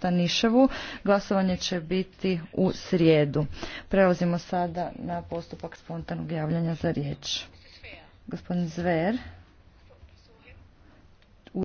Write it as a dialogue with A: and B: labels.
A: Staniševu. Glasovanje će biti u srijedu. Prelazimo sada na postupak spontanog javljanja za riječ. Gospodin Zver.